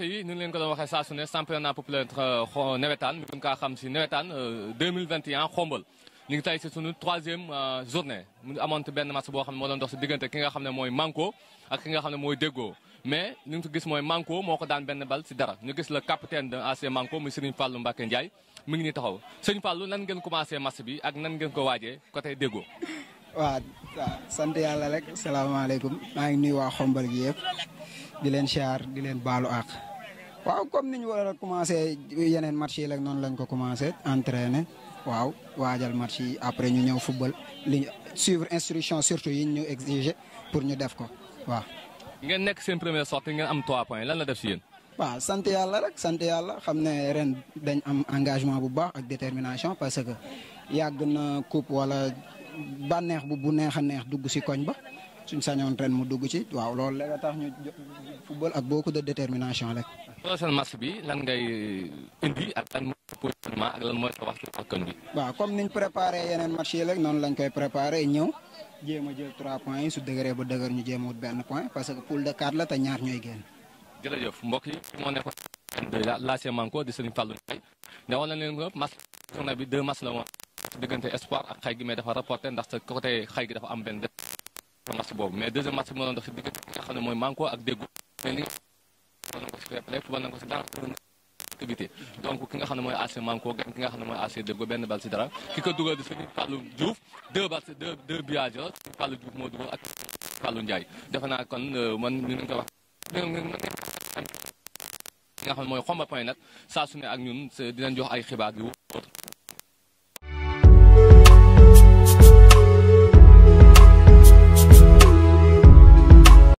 mbokk yi ñu ngi leen ko doon waxee saa su ne championnat populaire euh, nawetaan mi gën kaa xam si nawetaan euh, xombal ñu ngi si sunu troisième euh, journée mu amoon benn match boo xam ne moo doon dox si diggante ki ne mooy Manko ak ki nga xam ne mooy Déggoo mais li nga gis mooy Manko moo ko daan benn bal si dara ñu gis la capitaine de AC Manko muy Serigne Fallou Mbacke Ndiaye mi ngi nii taxaw Serigne Fallou nan ngeen commencé match bi ak nan ngeen ko waajee côté Déggoo. waaw waaw sant yàlla rek salaamaaleykum maa ngi nuyu waa xombal gi yëpp di leen siyaar di leen baalu àq. waaw comme ni ñu war a commencé yeneen match yi rek noonu lañ ko commencé entraîner waaw waajal match yi après ñu ñëw football li suivre instruction surtout yi ñu exiger pour ñu def ko waaw. ngeen nekk seen première sortie ngeen am 3 points lan la def si yéen. waaw sant yàlla rek sant yàlla xam ne ren dañ am engagement bu baax ak détermination parce que yàgg na coupe wala bànneex bu bu neex a neex dugg si koñ ba. suñ sañon ren mu dugg ci waaw lool la tax ñu football ak beaucoup de détermination rek. prochain match bi lan ngay indi ak lan ma ak lan moy sa wax ci bakkan bi. waaw comme niñ préparer yenen match yi rek non lañ koy préparer ñew jema jël 3 points su dëgëree ba dëgër ñu jema wut ben point parce que poule de 4 la te ñaar ñoy ñooy génn. jërëjëf mbokk yi mo la la ci manko di Serigne Fallou Ndiaye ne woon leen ko match tourna bi deux match la woon diggante espoir ak xay gi mais dafa rapporter ndax sa côté xay gi dafa am ben na match boobu mais deuxième match bi mënoon dox si diggante nga xam ne mooy manko ak ko si fair ki nga xam ne mooy AC manko gan ki nga xam ne mooy AC déggu benn bal si dara ki ko dugal di suñu Fallou si deux deux ak Fallou Ndiaye defe naa kon euh, man ñu ngi koy wax nga xam ne mooy xomba point su ne ak ñun dinañ jox ay xibaar yu